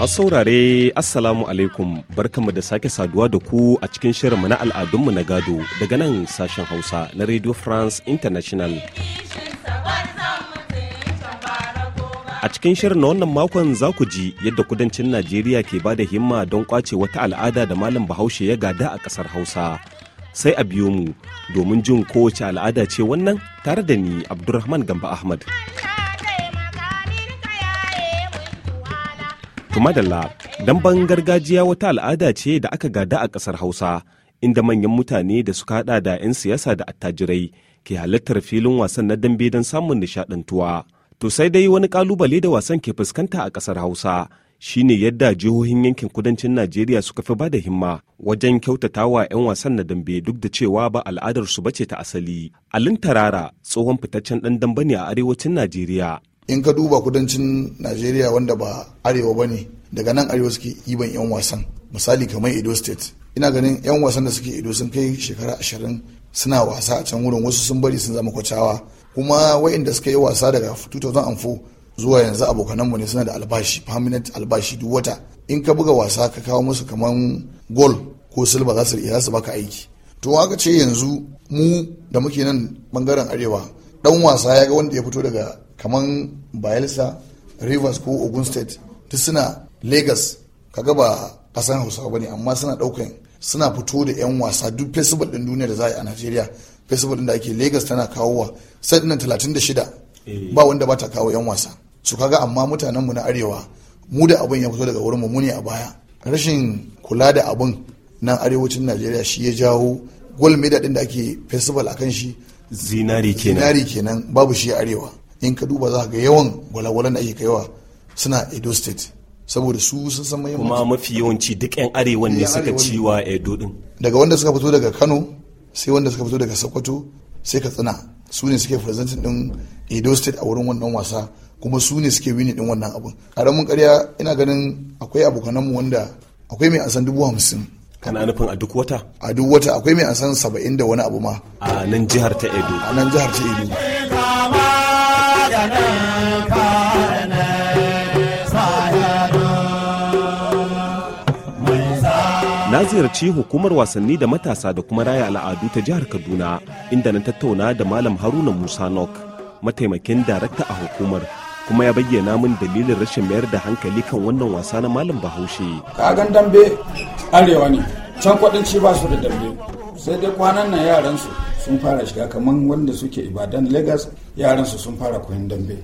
Masu saurare Assalamu alaikum barkanmu da sake saduwa da ku a cikin shirinmu na al'adunmu na gado daga nan sashen Hausa na Radio France International. A cikin shirin na wannan makon za ku ji yadda kudancin Najeriya ke ba da himma don kwace wata al'ada da malam Bahaushe ya gada a kasar Hausa. Sai a biyo mu domin jin kowace al'ada ce wannan tare da ni Abdulrahman Gamba Ahmad. Tumadala, damben gargajiya wata al'ada ce da aka gada a ƙasar Hausa, inda manyan mutane da suka hada da 'yan siyasa da attajirai ke halartar filin wasan na dambe don samun nishaɗantuwa. To sai dai wani ƙalubale da wasan ke fuskanta a ƙasar Hausa shine yadda jihohin yankin kudancin Najeriya suka fi bada himma wajen kyautata wa 'yan wasan na dambe duk da cewa ba al'adar su bace ta asali. Alin Tarara tsohon fitaccen ɗan dambe ne a arewacin Najeriya in ka duba kudancin najeriya wanda ba arewa ba ne daga nan arewa suke iban 'yan wasan misali kamar edo state ina ganin 'yan wasan da suke edo sun kai shekara ashirin suna wasa a can wurin wasu sun bari sun zama kwacawa kuma wa'inda suka yi wasa daga 2004 zuwa yanzu abokananmu ne suna da albashi permanent albashi duk wata in ka buga wasa ka kawo musu kamar gol ko silba za su iya su baka aiki to aka ce yanzu mu da muke nan bangaren arewa dan wasa ya ga wanda ya fito daga kaman bayelsa rivers ko ogun state duk suna lagos kaga ba kasan hausa ba ne amma suna daukan suna fito da 'yan wasa duk festival din duniya da za a yi a nigeria festival din da ake lagos tana kawowa sai da 36 eh. ba wanda ba ta kawo 'yan wasa su kaga amma mutanen mu na arewa mu da abin ya fito daga wurin mu ne a baya rashin kula da abin nan arewacin najeriya shi ya jawo gold medal din da ake festival akan shi zinari kenan zinari kenan babu shi arewa in ka duba za ga yawan gwalagwalan da ake kaiwa suna edo state saboda su sun san mai kuma mafi yawanci duk yan arewan ne suka ci wa edo din daga wanda suka fito daga kano sai wanda suka fito daga sokoto sai katsina su ne suke presenting din edo state a wurin wannan wasa kuma su ne suke wini din wannan abun karamin karya ina ganin akwai abokananmu wanda akwai mai asan dubu hamsin kana nufin a duk wata a duk wata akwai mai san saba'in da wani abu ma a nan jihar ta edo a nan jihar ta edo na ziyarci hukumar wasanni da matasa da kuma raya al'adu ta jihar kaduna inda na tattauna da malam haruna musa nok mataimakin darakta a hukumar kuma ya bayyana min dalilin rashin mayar da hankali kan wannan wasa na malam bahaushe kagan dambe arewa ne can ci ba su da dambe sai dai kwanan nan yaran su sun fara shiga kamar wanda suke ibadan lagos yaran su sun fara koyon dambe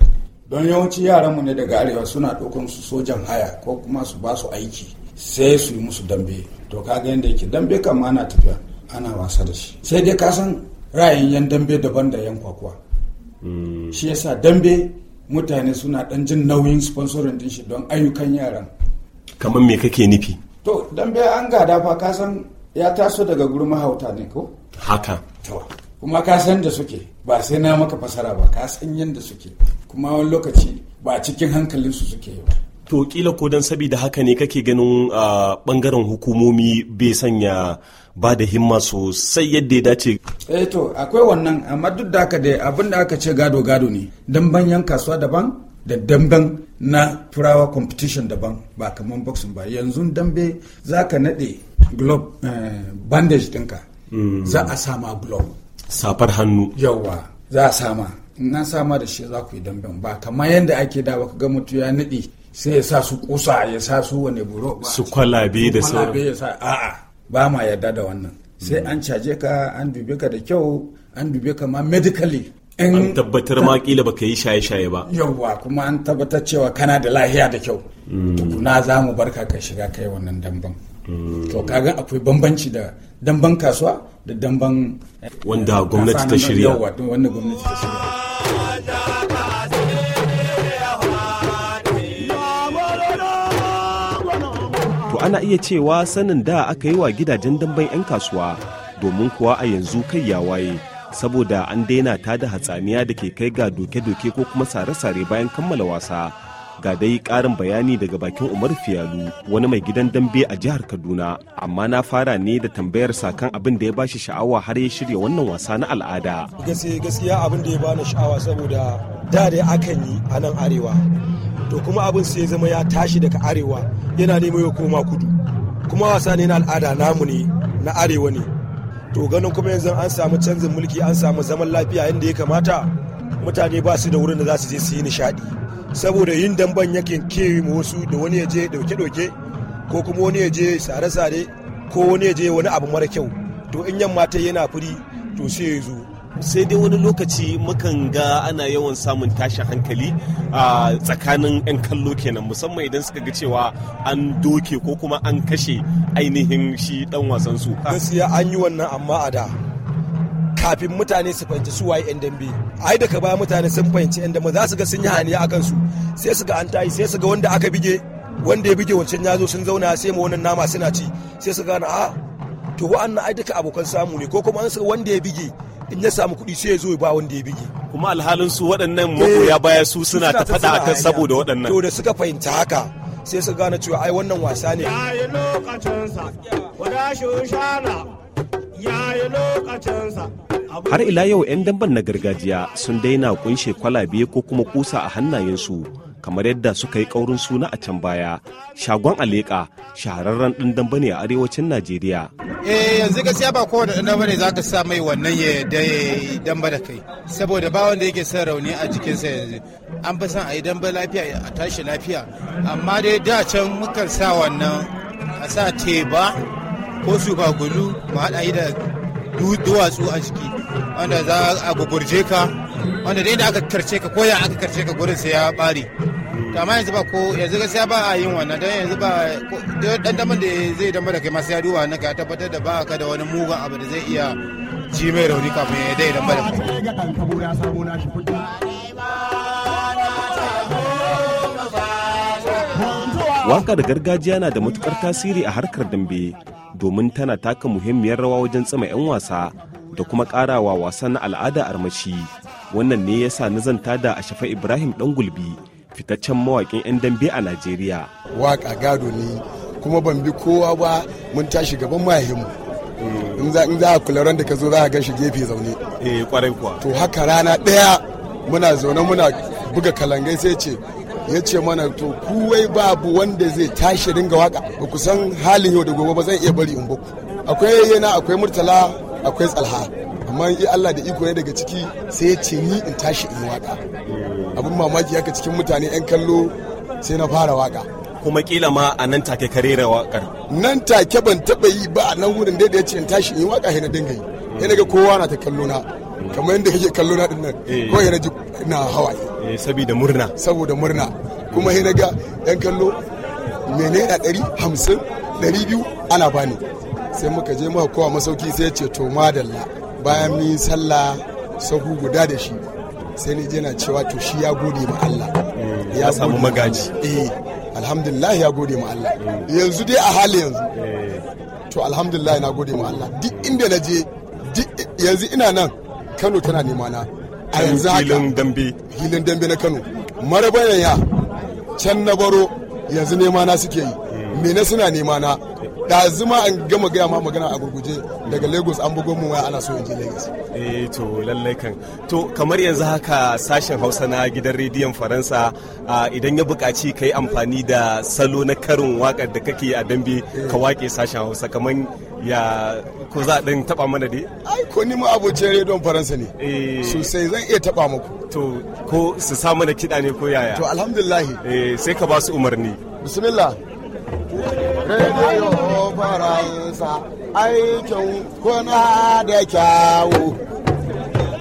don yawanci mu ne daga arewa suna ɗaukar su sojan haya ko kuma su ba su aiki sai su yi musu dambe to kaga yadda yake dambe kan ana tafiya ana wasa da shi sai dai ka san ra'ayin yan dambe daban da yan kwakwa hmm. shi yasa dambe mutane suna dan jin nauyin sponsorin din shi don ayyukan yaran kamar me kake nufi to dan bai an gada fa ka san ya taso daga gurin mahauta ne ko haka to kuma ka san da suke ba sai na maka fasara ba ka san yadda suke kuma wani lokaci ba cikin hankalinsu suke yi ba to kila ko dan sabida haka ne kake ganin bangaren ah, hukumomi bai sanya ba da himma sosai yadda ya dace. Eh to akwai wannan amma duk da haka da abin da aka ce gado gado ne damban yan kasuwa daban da damban na turawa competition daban ba kamar boxing ba yanzu dambe za ka naɗe globe eh, bandage ɗinka hmm. za a sama globe. Safar hannu. Yawwa za a sama. Na sama da shi za ku yi damben ba kamar yadda ake dawa ka ga mutu ya naɗe sai ya sa su kusa ya sa su wane buro su kwalabe da sauran ya sa a'a ba ma yarda da wannan sai an caje ka an dube ka da kyau an dube ka ma medically an tabbatar ma kila baka yi shaye-shaye ba yawwa kuma an tabbatar cewa kana da lahiya da kyau hmm. tukuna za mu barka ka shiga kai wannan damban hmm. to kaga akwai bambanci da damban kasuwa da damban eh, wanda gwamnati ta shirya wanda gwamnati ta shirya to ana iya cewa sanin da aka yi wa gidajen damben 'yan kasuwa domin kuwa a yanzu kai ya waye saboda an daina ta da hatsaniya da ke kai ga doke-doke ko kuma sare-sare bayan kammala wasa ga dai karin bayani daga bakin umar fiyalu wani mai gidan dambe a jihar kaduna amma na fara ne da tambayar kan abin da ya bashi sha'awa har ya shirya wannan wasa na al'ada gaskiya abin da ya bani sha'awa saboda da da akan yi a nan arewa to kuma abin sai zama ya tashi daga arewa yana nemo ya koma kudu kuma wasa ne na al'ada namu ne na arewa ne to ganin kuma yanzu an samu canjin mulki an samu zaman lafiya inda ya kamata mutane ba su da wurin da za su je su yi nishadi saboda yin damban yake kewi wasu da wani ya je dauke-dauke ko kuma wani ya je sare-sare ko wani ya je wani abu mara kyau to in yamma ta yana furi to sai ya zo sai dai wani lokaci mukan ga ana yawan samun tashin hankali a tsakanin 'yan kallo kenan musamman idan suka ga cewa an doke ko kuma an kashe ainihin shi dan wasan su gaskiya an yi wannan amma a da kafin mutane su fahimci su waye 'yan dambe ai da ka baya mutane sun fahimci 'yan dambe za su ga sun yi haniya akan su sai su ga an tayi sai su ga wanda aka bige wanda ya bige wancan ya zo sun zauna sai mu wannan nama suna ci sai su gane a ah, to wa'annan ai duka abokan samu ne ko kuma an wanda ya bige in ya samu kuɗi sai ya zo ya ba wanda ya bige kuma alhalin su waɗannan magoya eh, baya su suna ta faɗa akan saboda waɗannan to da suka fahimta haka sai su gane cewa ai wannan wasa ne yayi lokacinsa wada shushana yayi lokacinsa har ila yau 'yan damben na gargajiya sun daina kunshe kwalabe ko kuma kusa a hannayensu kamar yadda suka yi kaurin suna a can baya shagon aleka shahararren dindin bane ne a arewacin najeriya eh yanzu gaskiya ba kowane ɗan ba ne za ka sa mai wannan ya dai damba da kai saboda ba wanda yake son rauni a jikinsa yanzu an fi son a yi damba lafiya a tashi lafiya amma dai da can mukan sa wannan a sa teba ko su ba gulu mu haɗa yi da duwatsu a jiki wanda za a gugurje ka wanda dai da aka karce ka koya aka karce ka gurin sai ya bari. to amma yanzu ba ko yanzu gaskiya ba a yin wannan don yanzu ba dan daman da zai dama da kai masu ya duba na ka tabbatar da ba ka da wani mugun abu da zai iya ji mai rauni kafin ya dai dama da Waka da gargajiya na da matukar tasiri a harkar dambe domin tana taka muhimmiyar rawa wajen tsama 'yan wasa da kuma karawa wasan na al'ada armashi wannan ne yasa na zanta da shafa ibrahim dangulbi. gulbi fitaccen mawaƙin 'yan dambe a najeriya Waka gado ne kuma ban bi kowa ba mun tashi gaban mahimmu. Mm. in za a kula ran da ka zo za a gashi gefe zaune eh kwarai kuwa to haka rana ɗaya muna zaune muna buga kalangai sai ce ya ce mana to kuwai babu wanda zai tashi dinga waka ba ku san halin yau da gobe ba zan iya bari in baku akwai yayyena akwai murtala akwai tsalha amma in Allah da iko ne daga ciki sai ya ce ni in tashi in waka mm. abin mamaki haka cikin mutane 'yan kallo sai na fara waka kuma kila ma a nan take kare da wakar nan take ban taba yi ba a nan wurin da ya ce tashi in waka na dinga yi yana ga kowa na ta kallo na kamar yadda kake kallo na din nan eh. ko yana ji na hawaye eh, saboda murna saboda murna kuma sai ga yan kallo mene na ɗari hamsin ɗari biyu ana bani sai muka je muka kowa masauki sai ya ce to madalla bayan mun sallah sahu guda da shi sai ni je na cewa to shi ya gode ma Allah mm, ya samu magaji eh alhamdulillah ya gode ma Allah mm. yanzu dai a hali yanzu eh. to alhamdulillah na gode ma Allah duk inda na je yanzu ina nan Kano tana nema na a yanzu haka hilin dambe hilin dambe na Kano marabayan ya can na baro yanzu nema na suke yi mm. me na suna nema na da zuma an gama gaya ma magana a gurguje daga lagos an bugo mu waya ana so in je lagos eh to lallai kan to kamar yanzu haka sashen hausa na gidan rediyon faransa idan ya buƙaci ka yi amfani da salo na karin wakar da kake a dambe ka wake sashen hausa kamar ya ko za ɗin taɓa mana dai ai ko ni ma abocin rediyon faransa ne eh. sosai zan iya taɓa muku to ko su sa mana kiɗa ne ko yaya to alhamdulillah eh, sai ka ba su umarni bismillah rediyo faransa aikin kuna da kyawu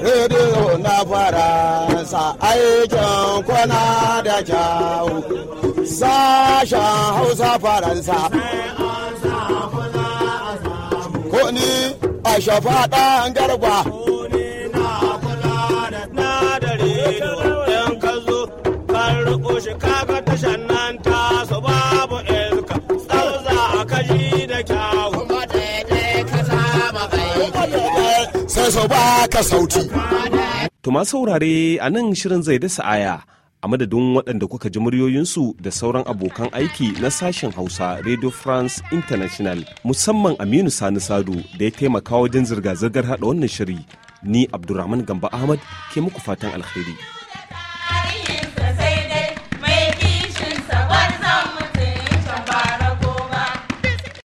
rediyo na faransa aikin kuna da kyawu sashen hausa faransa kuni a shafaɗan garba Chicago. cika sauti. Tuma saurare a nan shirin zai dasa aya a madadin waɗanda kuka ji muryoyinsu da sauran abokan aiki na sashen Hausa Radio France International musamman Aminu Sani Sadu da ya taimaka wajen zirga-zirgar haɗa wannan shiri. Ni Abdulrahman Gamba Ahmad ke muku fatan alheri.